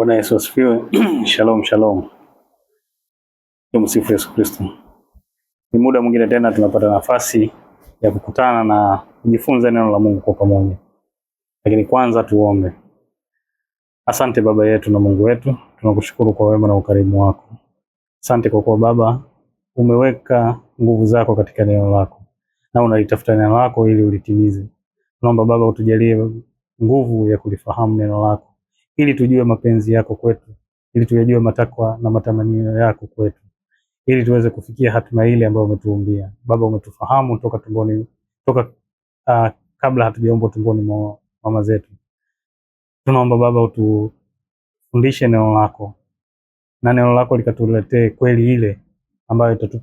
Bwana Yesu asifiwe. Shalom, shalom. Tumsifu Yesu Kristo. Ni muda mwingine tena tunapata nafasi ya kukutana na kujifunza neno la Mungu kwa pamoja, lakini kwanza tuombe. Asante Baba yetu na Mungu wetu, tunakushukuru kwa wema na ukarimu wako. Asante kwa kuwa Baba umeweka nguvu zako katika neno lako na unalitafuta neno lako ili ulitimize. Naomba Baba utujalie nguvu ya kulifahamu neno lako ili tujue mapenzi yako kwetu, ili tuyajue matakwa na matamanio yako kwetu, ili tuweze kufikia hatima ile ambayo umetuumbia Baba. Umetufahamu toka tumboni, toka uh, kabla hatujaumbwa tumboni mwa mama zetu. Tunaomba Baba utufundishe neno lako na neno lako likatuletee kweli ile ambayo itatu,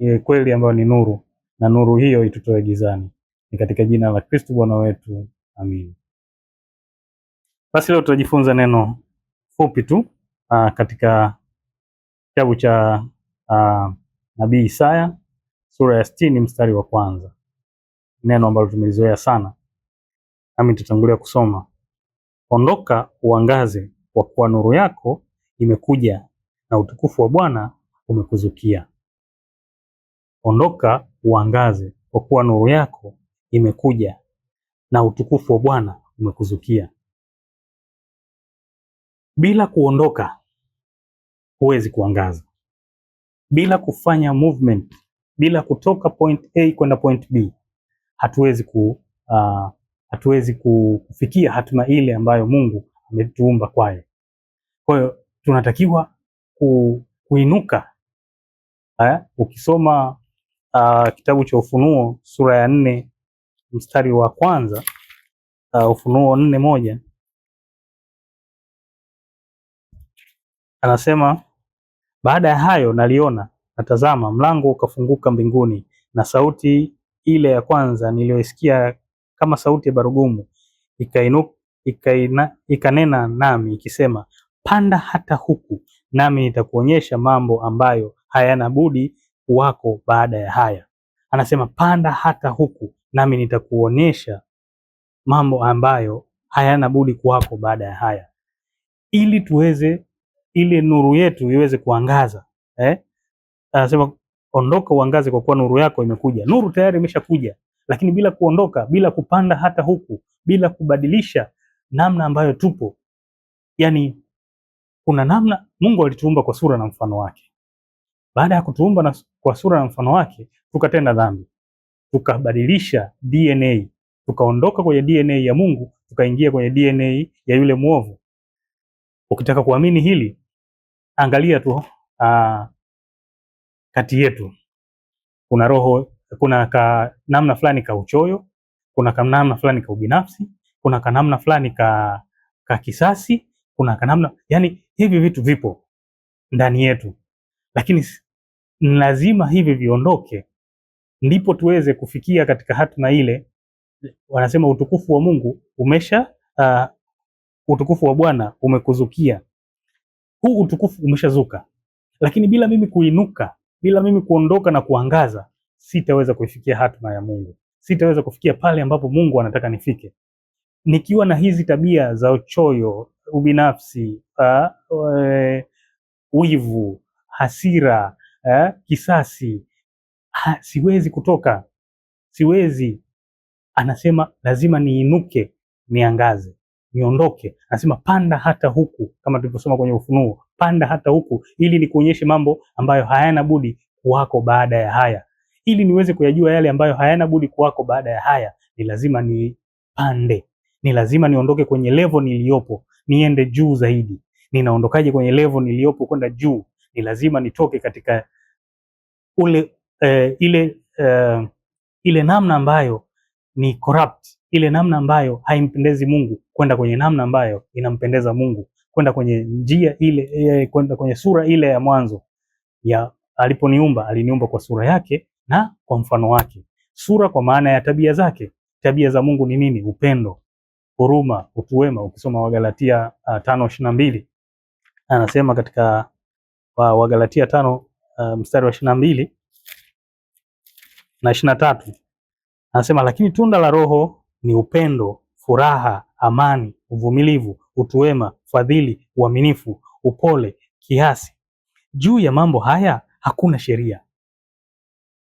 e, kweli ambayo ni nuru na nuru hiyo itutoe gizani. Ni katika jina la Kristo Bwana wetu, amini. Basi leo tutajifunza neno fupi tu uh, katika kitabu cha ah, nabii Isaya sura ya sitini mstari wa kwanza, neno ambalo tumelizoea sana, nami nitatangulia kusoma: ondoka uangaze, kwa kuwa nuru yako imekuja na utukufu wa Bwana umekuzukia. Ondoka uangaze, kwa kuwa nuru yako imekuja na utukufu wa Bwana umekuzukia. Bila kuondoka huwezi kuangaza. Bila kufanya movement, bila kutoka point A kwenda point B hatuwezi ku, uh, hatuwezi kufikia hatima ile ambayo Mungu ametuumba kwayo. Kwa hiyo tunatakiwa ku, kuinuka haya. Eh, ukisoma uh, kitabu cha Ufunuo sura ya nne mstari wa kwanza uh, Ufunuo nne moja Anasema baada ya hayo naliona, natazama, mlango ukafunguka mbinguni, na sauti ile ya kwanza niliyoisikia kama sauti ya barugumu ikainu, ikaina, ikanena nami ikisema, panda hata huku, nami nitakuonyesha mambo ambayo hayana budi wako baada ya haya. Anasema panda hata huku, nami nitakuonyesha mambo ambayo hayana budi kuwako baada ya haya, ili tuweze ili nuru yetu iweze kuangaza eh? Anasema ondoka uangaze, kwa kuwa nuru yako imekuja. Nuru tayari imeshakuja, lakini bila kuondoka, bila kupanda hata huku, bila kubadilisha namna ambayo tupo, yani kuna namna Mungu alituumba kwa sura na mfano wake. Baada ya kutuumba na kwa sura na mfano wake, tukatenda dhambi, tukabadilisha DNA, tukaondoka kwenye DNA ya Mungu, tukaingia kwenye DNA ya yule mwovu. Ukitaka kuamini hili angalia tu uh, kati yetu kuna roho, kuna ka namna fulani ka uchoyo, kuna ka namna fulani ka ubinafsi, kuna ka namna fulani ka, ka kisasi, kuna ka namna yani, hivi vitu vipo ndani yetu, lakini lazima hivi viondoke, ndipo tuweze kufikia katika hatima ile. Wanasema utukufu wa Mungu umesha uh, utukufu wa Bwana umekuzukia huu utukufu umeshazuka, lakini bila mimi kuinuka, bila mimi kuondoka na kuangaza, sitaweza kuifikia hatima ya Mungu, sitaweza kufikia pale ambapo Mungu anataka nifike. Nikiwa na hizi tabia za uchoyo, ubinafsi, e, wivu, uh, hasira, uh, kisasi, ha, siwezi kutoka, siwezi. Anasema lazima niinuke, niangaze niondoke, anasema panda hata huku, kama tulivyosoma kwenye Ufunuo, panda hata huku ili nikuonyeshe mambo ambayo hayana budi kuwako baada ya haya. Ili niweze kuyajua yale ambayo hayana budi kuwako baada ya haya, ni lazima nipande, ni lazima niondoke kwenye levo niliyopo, niende juu zaidi. Ninaondokaje kwenye levo niliyopo kwenda juu? Ni lazima nitoke katika ule uh, ile uh, ile namna ambayo ni corrupt ile namna ambayo haimpendezi Mungu kwenda kwenye namna ambayo inampendeza Mungu, kwenda kwenye njia ile e, kwenda kwenye sura ile ya mwanzo ya aliponiumba, aliniumba kwa sura yake na kwa mfano wake. Sura kwa maana ya tabia zake. Tabia za Mungu ni nini? Upendo, huruma, utu wema. Ukisoma Wagalatia uh, tano ishirini na mbili anasema katika wa Wagalatia tano uh, mstari wa ishirini na mbili na ishirini na tatu anasema lakini tunda la Roho ni upendo, furaha, amani, uvumilivu, utu wema, fadhili, uaminifu, upole, kiasi. Juu ya mambo haya hakuna sheria.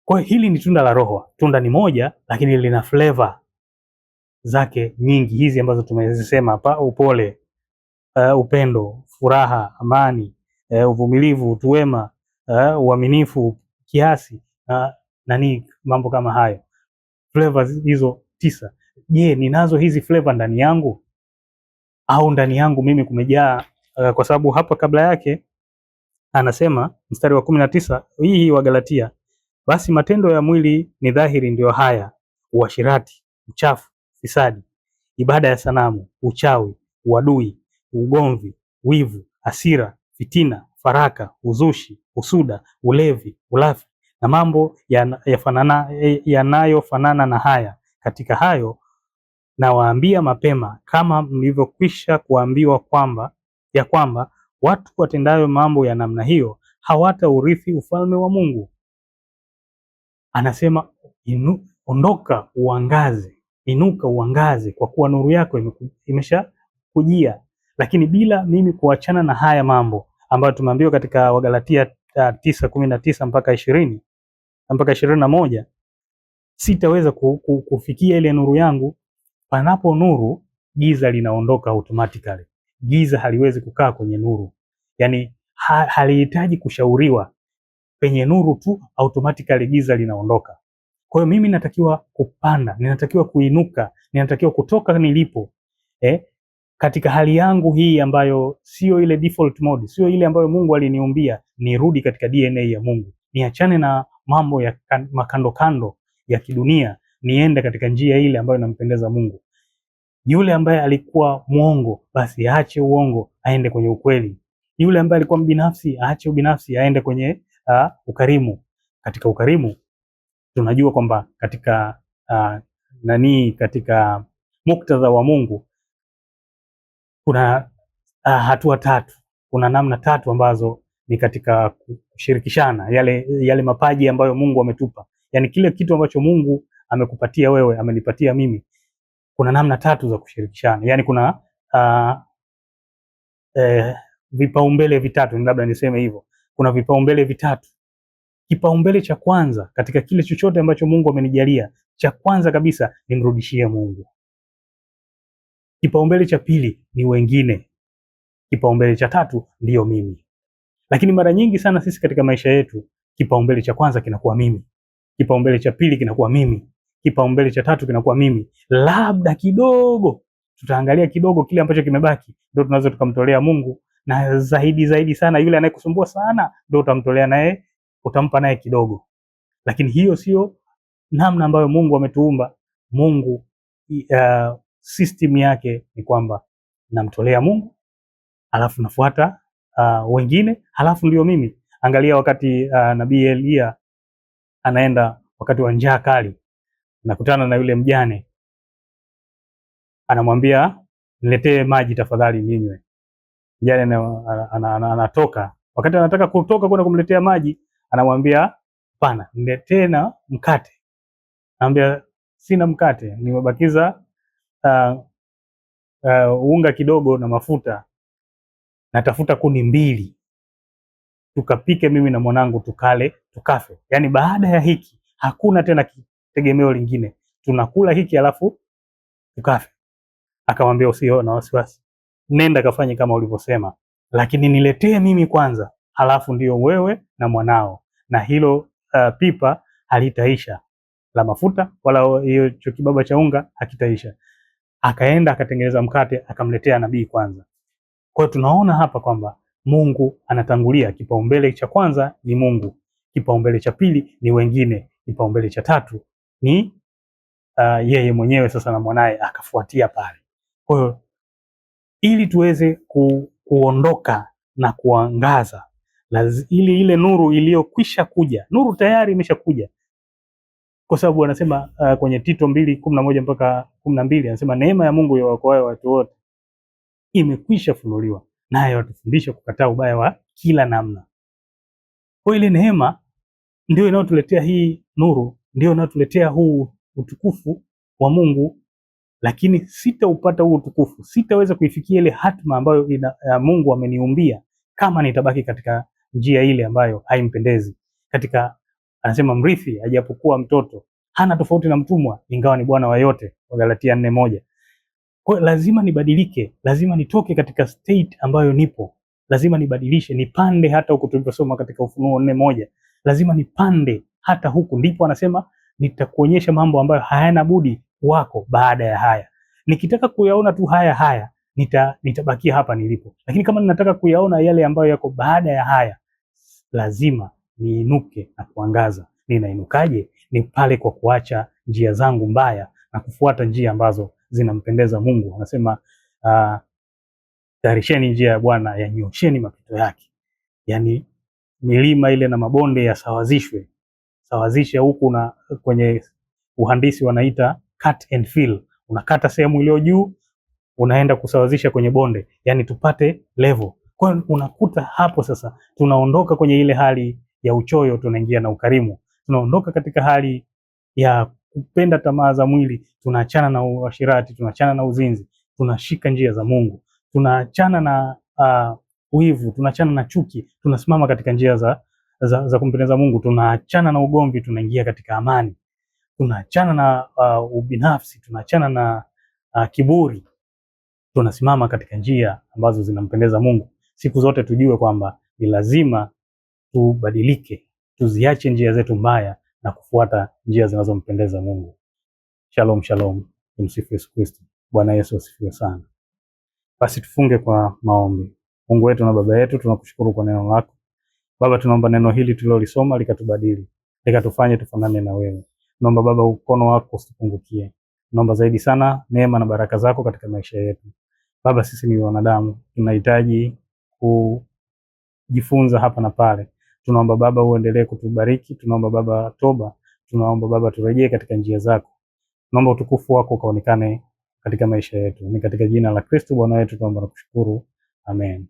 Kwa hiyo hili ni tunda la Roho. Tunda ni moja, lakini lina flavor zake nyingi hizi ambazo tumezisema hapa: upole, uh, upendo, furaha, amani, uh, uvumilivu, utu wema, uh, eh, uaminifu, kiasi, uh, nani, mambo kama hayo, flavors hizo tisa je, ninazo hizi flavor ndani yangu au ndani yangu mimi kumejaa uh, kwa sababu hapa kabla yake anasema mstari wa kumi na tisa hii hii wa Galatia, basi matendo ya mwili ni dhahiri, ndiyo haya: uashirati, uchafu, fisadi, ibada ya sanamu, uchawi, uadui, ugomvi, wivu, hasira, fitina, faraka, uzushi, usuda, ulevi, ulafi na mambo eh, yanayofanana ya ya na haya. Katika hayo nawaambia mapema kama mlivyokwisha kuambiwa kwamba ya kwamba watu watendayo mambo ya namna hiyo hawataurithi ufalme wa Mungu. Anasema inu, ondoka uangaze, inuka uangaze, kwa kuwa nuru yako imeshakujia. Lakini bila mimi kuachana na haya mambo ambayo tumeambiwa katika Wagalatia ah, tisa kumi na tisa mpaka ishirini mpaka ishirini na moja sitaweza kufikia ile nuru yangu Panapo nuru, giza linaondoka automatically. Giza haliwezi kukaa kwenye nuru, yani ha halihitaji kushauriwa. Penye nuru tu automatically giza linaondoka. Kwa hiyo mimi natakiwa kupanda, ninatakiwa kuinuka, ninatakiwa kutoka nilipo eh, katika hali yangu hii ambayo sio ile default mode, sio ile ambayo Mungu aliniumbia. Nirudi katika DNA ya Mungu, niachane na mambo ya makando kando ya kidunia niende katika njia ile ambayo inampendeza Mungu. Yule ambaye alikuwa mwongo, basi aache uongo, aende kwenye ukweli. Yule ambaye alikuwa mbinafsi, aache ubinafsi, aende kwenye uh, ukarimu. Katika ukarimu tunajua kwamba katika uh, nani, katika muktadha wa Mungu kuna uh, hatua tatu, kuna namna tatu ambazo ni katika kushirikishana yale, yale mapaji ambayo Mungu ametupa, yaani kile kitu ambacho Mungu amekupatia wewe, amenipatia mimi. Kuna namna tatu za kushirikishana, Yani kuna uh, eh, vipaumbele vitatu, labda niseme hivyo. Kuna vipaumbele vitatu. Kipaumbele cha kwanza katika kile chochote ambacho Mungu amenijalia, cha kwanza kabisa nimrudishie Mungu. Kipaumbele cha pili ni wengine, kipaumbele cha tatu ndiyo mimi. Lakini mara nyingi sana sisi katika maisha yetu, kipaumbele cha kwanza kinakuwa mimi, kipaumbele cha pili kinakuwa mimi, kipaumbele cha tatu kinakuwa mimi. Labda kidogo tutaangalia kidogo kile ambacho kimebaki, ndio tunaweza tukamtolea Mungu, na zaidi zaidi sana yule anayekusumbua sana, ndio utamtolea naye, utampa naye kidogo. Lakini hiyo sio namna ambayo Mungu ametuumba. Mungu uh, system yake ni kwamba namtolea Mungu alafu nafuata uh, wengine halafu ndio mimi. Angalia wakati uh, nabii Elia anaenda wakati wa njaa kali nakutana na yule mjane, anamwambia niletee maji tafadhali ninywe. Mjane anatoka, wakati anataka kutoka kwenda kumletea maji, anamwambia pana niletee na mkate. Anamwambia sina mkate, nimebakiza uh, uh, unga kidogo na mafuta, natafuta kuni mbili tukapike mimi na mwanangu tukale tukafe. Yaani baada ya hiki hakuna tena tegemeo lingine, tunakula hiki alafu ukafe. Akamwambia usio na wasiwasi, nenda kafanye kama ulivyosema, lakini niletee mimi kwanza, alafu ndiyo wewe na mwanao, na hilo uh, pipa halitaisha la mafuta wala hiyo kibaba cha unga hakitaisha. Akaenda akatengeneza mkate akamletea nabii kwanza. Kwa hiyo tunaona hapa kwamba Mungu anatangulia. Kipaumbele cha kwanza ni Mungu, kipaumbele cha pili ni wengine, kipaumbele cha tatu ni uh, yeye mwenyewe sasa na mwanaye akafuatia pale. Kwa hiyo ili tuweze ku, kuondoka na kuangaza Lazi, ili ile nuru iliyokwisha kuja, nuru tayari imeshakuja, kwa sababu anasema uh, kwenye Tito mbili kumi na moja mpaka kumi na mbili anasema neema ya Mungu yawaokoayo watu wote imekwisha funuliwa, naye watufundisha kukataa ubaya wa kila namna. Kwa ile neema ndio inayotuletea hii nuru ndio unaotuletea huu utukufu wa Mungu, lakini sitaupata huu utukufu, sitaweza kuifikia ile hatma ambayo ina, ya Mungu ameniumbia kama nitabaki katika njia ile ambayo haimpendezi. Katika anasema mrithi ajapokuwa mtoto hana tofauti na mtumwa, ingawa ni bwana wa yote, Wagalatia nne moja. Kwa lazima nibadilike, lazima nitoke katika state ambayo nipo, lazima nibadilishe, nipande hata huko tuliposoma katika Ufunuo nne moja, lazima nipande hata huku. Ndipo anasema nitakuonyesha mambo ambayo hayana budi wako baada ya haya. Nikitaka kuyaona tu haya haya nita nitabakia hapa nilipo, lakini kama ninataka kuyaona yale ambayo yako baada ya haya, lazima niinuke na kuangaza. Ninainukaje? Ni pale kwa kuacha njia zangu mbaya na kufuata njia ambazo zinampendeza Mungu. Anasema uh, tarisheni njia ya Bwana, yanyosheni mapito yake, yani milima ile na mabonde yasawazishwe, sawazishe huku na kwenye uhandisi wanaita cut and fill. Unakata sehemu iliyo juu unaenda kusawazisha kwenye bonde, yani tupate level. Kwa hiyo unakuta hapo sasa tunaondoka kwenye ile hali ya uchoyo, tunaingia na ukarimu, tunaondoka katika hali ya kupenda tamaa za mwili, tunaachana na uashirati, tunaachana na uzinzi, tunashika njia za Mungu, tunaachana na uh, wivu, tunaachana na chuki, tunasimama katika njia za za, za kumpendeza Mungu, tunaachana na ugomvi, tunaingia katika amani, tunaachana na uh, ubinafsi, tunaachana na uh, kiburi, tunasimama katika njia ambazo zinampendeza Mungu. Siku zote tujue kwamba ni lazima tubadilike, tuziache njia zetu mbaya na kufuata njia zinazompendeza Mungu. Shalom, shalom. Tumsifu Yesu Kristo. Bwana Yesu asifiwe sana. Basi tufunge kwa maombi. Mungu wetu na Baba yetu, tunakushukuru kwa neno lako Baba, tunaomba neno hili tulilolisoma likatubadili, likatufanye tufanane na wewe. Naomba Baba, ukono wako usipungukie. Naomba zaidi sana neema na baraka zako katika maisha yetu. Baba, sisi ni wanadamu, tunahitaji kujifunza hapa na pale. Tunaomba Baba uendelee kutubariki, tunaomba Baba toba, tunaomba Baba turejee katika njia zako. Naomba utukufu wako ukaonekane katika maisha yetu, ni katika jina la Kristo Bwana wetu tunaomba na kushukuru, amen.